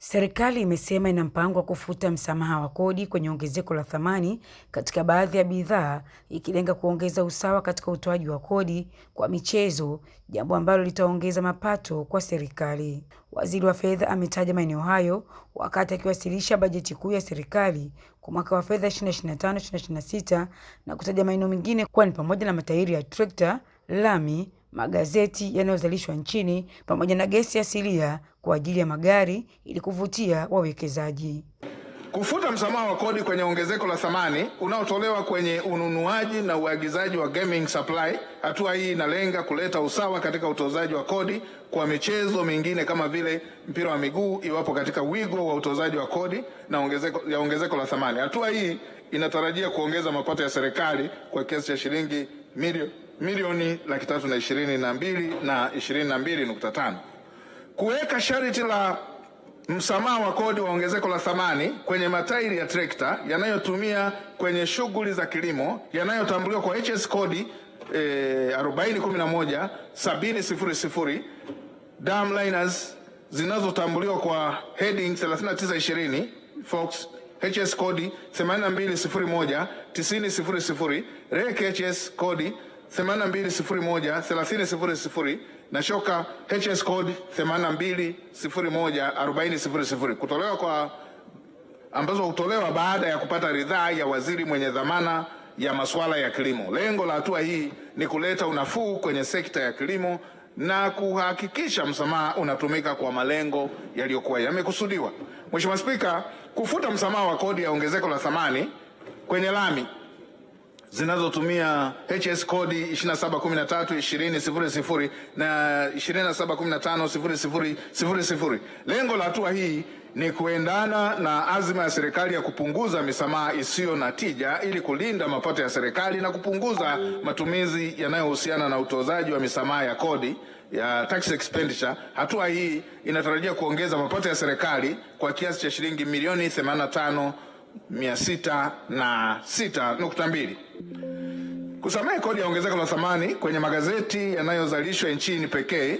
Serikali imesema ina mpango wa kufuta msamaha wa kodi kwenye ongezeko la thamani katika baadhi ya bidhaa ikilenga kuongeza usawa katika utoaji wa kodi kwa michezo, jambo ambalo litaongeza mapato kwa serikali. Waziri wa Fedha ametaja maeneo hayo wakati akiwasilisha bajeti kuu ya serikali kwa mwaka wa fedha 2025/2026 na kutaja maeneo mengine kuwa ni pamoja na matairi ya trekta, lami magazeti yanayozalishwa nchini pamoja na gesi asilia kwa ajili ya magari ili kuvutia wawekezaji. Kufuta msamaha wa kodi kwenye ongezeko la thamani unaotolewa kwenye ununuaji na uagizaji wa gaming supply. Hatua hii inalenga kuleta usawa katika utozaji wa kodi kwa michezo mingine kama vile mpira wa miguu, iwapo katika wigo wa utozaji wa kodi na ongezeko, ya ongezeko la thamani. Hatua hii inatarajia kuongeza mapato ya serikali kwa kiasi cha shilingi milioni milioni laki tatu na ishirini na mbili na ishirini na mbili nukta tano kuweka sharti la msamaha wa kodi wa ongezeko la thamani kwenye matairi ya trekta yanayotumia kwenye shughuli za kilimo yanayotambuliwa kwa HS kodi e, eh, 4011 dam liners zinazotambuliwa kwa heading 3920 Fox HS kodi 8201 9000 rake HS kodi 8201 na shoka HS code 8201 kutolewa kwa ambazo hutolewa baada ya kupata ridhaa ya waziri mwenye dhamana ya masuala ya kilimo. Lengo la hatua hii ni kuleta unafuu kwenye sekta ya kilimo na kuhakikisha msamaha unatumika kwa malengo yaliyokuwa yamekusudiwa. Mheshimiwa Spika, kufuta msamaha wa kodi ya ongezeko la thamani kwenye lami zinazotumia HS kodi 2713 na 2715 Lengo la hatua hii ni kuendana na azma ya serikali ya kupunguza misamaha isiyo na tija ili kulinda mapato ya serikali na kupunguza matumizi yanayohusiana na utozaji wa misamaha ya kodi ya tax expenditure. Hatua hii inatarajia kuongeza mapato ya serikali kwa kiasi cha shilingi milioni 85 Kusamehe kodi ya ongezeko la thamani kwenye magazeti yanayozalishwa nchini pekee.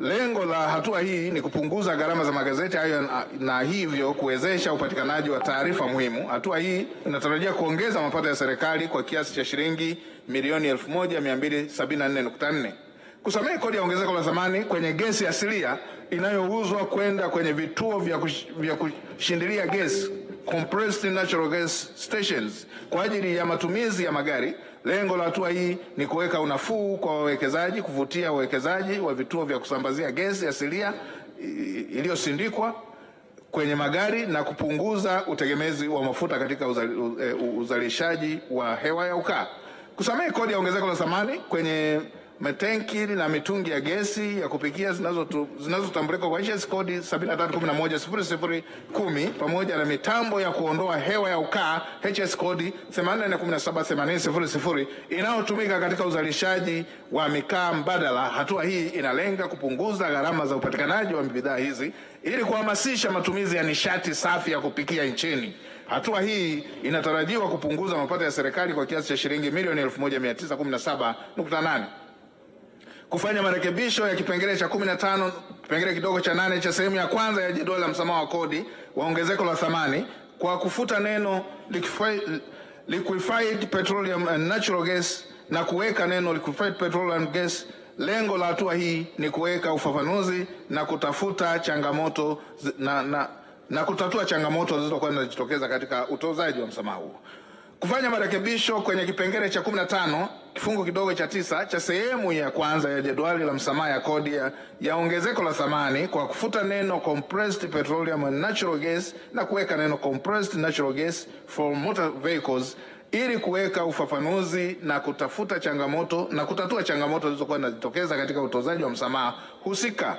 Lengo la hatua hii ni kupunguza gharama za magazeti hayo na hivyo kuwezesha upatikanaji wa taarifa muhimu. Hatua hii inatarajia kuongeza mapato ya serikali kwa kiasi cha shilingi milioni 1274.4. Kusamehe kodi ya ongezeko la thamani kwenye gesi asilia inayouzwa kwenda kwenye vituo vya kushindilia gesi compressed natural gas stations kwa ajili ya matumizi ya magari. Lengo la hatua hii ni kuweka unafuu kwa wawekezaji, kuvutia wawekezaji wa vituo vya kusambazia gesi asilia iliyosindikwa kwenye magari na kupunguza utegemezi wa mafuta katika e, uzalishaji wa hewa ya ukaa, kusamehe kodi ya ongezeko la thamani kwenye metenki na mitungi ya gesi ya kupikia zinazotambulika kwa HS kodi 73110010 pamoja na mitambo ya kuondoa hewa ya ukaa HS kodi 84178000 inayotumika katika uzalishaji wa mikaa mbadala. Hatua hii inalenga kupunguza gharama za upatikanaji wa bidhaa hizi ili kuhamasisha matumizi ya nishati safi ya kupikia nchini. Hatua hii inatarajiwa kupunguza mapato ya serikali kwa kiasi cha shilingi milioni 1917.8 kufanya marekebisho ya kipengele cha 15 kipengele kidogo cha nane cha sehemu ya kwanza ya jedwali la msamaha wa kodi wa ongezeko la thamani kwa kufuta neno liquefied petroleum and natural gas na kuweka neno liquefied petroleum gas. Lengo la hatua hii ni kuweka ufafanuzi na kutafuta changamoto na, na, na kutatua changamoto zilizokuwa zinajitokeza katika utozaji wa msamaha huo. Kufanya marekebisho kwenye kipengele cha tano kifungu kidogo cha tisa cha sehemu ya kwanza ya jedwali la msamaha ya kodi ya, ya ongezeko la thamani kwa kufuta neno compressed petroleum and natural gas na kuweka neno compressed natural gas for motor vehicles ili kuweka ufafanuzi na kutafuta changamoto na kutatua changamoto zilizokuwa zinajitokeza katika utozaji wa msamaha husika.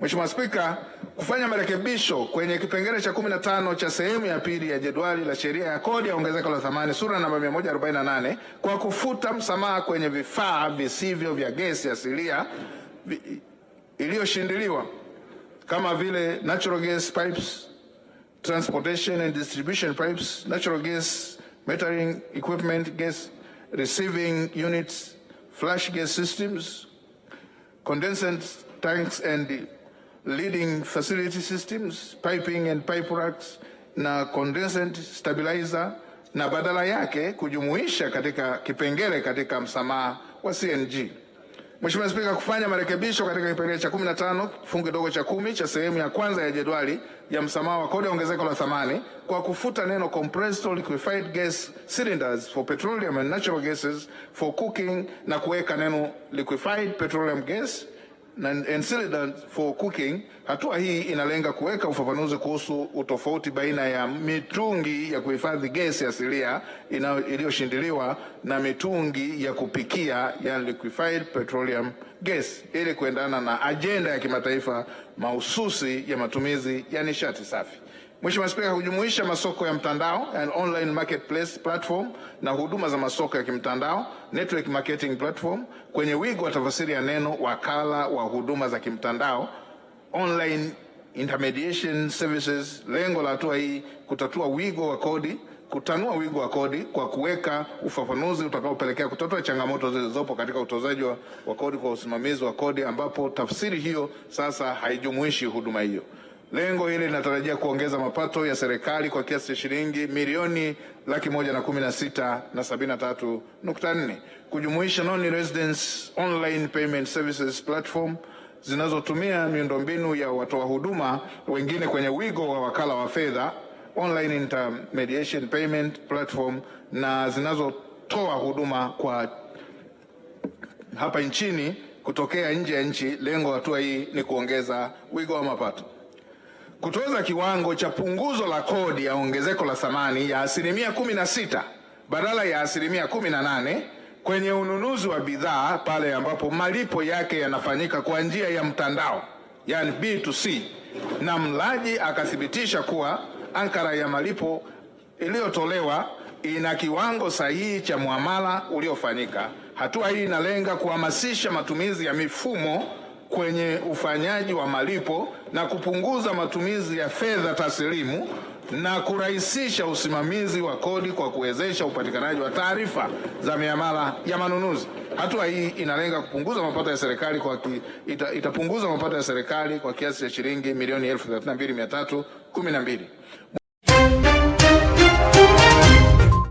Mheshimiwa Spika, kufanya marekebisho kwenye kipengele cha 15 cha sehemu ya pili ya jedwali la sheria ya kodi ya ongezeko la thamani sura namba 148 kwa kufuta msamaha kwenye vifaa visivyo vya gesi asilia iliyoshindiliwa kama vile natural gas pipes, transportation and distribution pipes, natural gas metering equipment, gas receiving units, flash gas systems, condensate tanks and leading facility systems, piping and pipe racks na condensant stabilizer na badala yake kujumuisha katika kipengele katika msamaha wa CNG. Mheshimiwa Spika, kufanya marekebisho katika kipengele cha 15 kifungu kidogo cha kumi cha sehemu ya kwanza ya jedwali ya msamaha wa kodi ya ongezeko la thamani kwa kufuta neno compressed liquefied gas cylinders for petroleum and natural gases for cooking na kuweka neno liquefied petroleum gas and, for cooking. Hatua hii inalenga kuweka ufafanuzi kuhusu utofauti baina ya mitungi ya kuhifadhi gesi asilia iliyoshindiliwa na mitungi ya kupikia ya liquefied petroleum gas ili kuendana na ajenda ya kimataifa mahususi ya matumizi ya nishati safi. Mheshimiwa Spika, hujumuisha masoko ya mtandao and online marketplace platform na huduma za masoko ya kimtandao network marketing platform kwenye wigo wa tafasiri ya neno wakala wa huduma za kimtandao online intermediation services. Lengo la hatua hii kutatua wigo wa kodi, kutanua wigo wa kodi kwa kuweka ufafanuzi utakaopelekea kutatua changamoto zilizopo katika utozaji wa kodi kwa usimamizi wa kodi, ambapo tafsiri hiyo sasa haijumuishi huduma hiyo. Lengo hili linatarajia kuongeza mapato ya serikali kwa kiasi cha shilingi milioni laki moja na kumi na sita na sabini na tatu nukta nne kujumuisha non residence online payment services platform zinazotumia miundombinu ya watoa huduma wengine kwenye wigo wa wakala wa fedha online intermediation payment platform na zinazotoa huduma kwa hapa nchini kutokea nje ya nchi. Lengo hatua hii ni kuongeza wigo wa mapato kutoza kiwango cha punguzo la kodi ya ongezeko la thamani ya asilimia kumi na sita badala ya asilimia kumi na nane kwenye ununuzi wa bidhaa pale ambapo malipo yake yanafanyika kwa njia ya mtandao, yani B2C, na mlaji akathibitisha kuwa ankara ya malipo iliyotolewa ina kiwango sahihi cha muamala uliofanyika. Hatua hii inalenga kuhamasisha matumizi ya mifumo kwenye ufanyaji wa malipo na kupunguza matumizi ya fedha taslimu na kurahisisha usimamizi wa kodi kwa kuwezesha upatikanaji wa taarifa za miamala ya manunuzi. Hatua hii inalenga kupunguza mapato ya serikali kwa ki, ita, itapunguza mapato ya serikali kwa kiasi cha shilingi milioni elfu thelathini na mbili mia tatu kumi na mbili.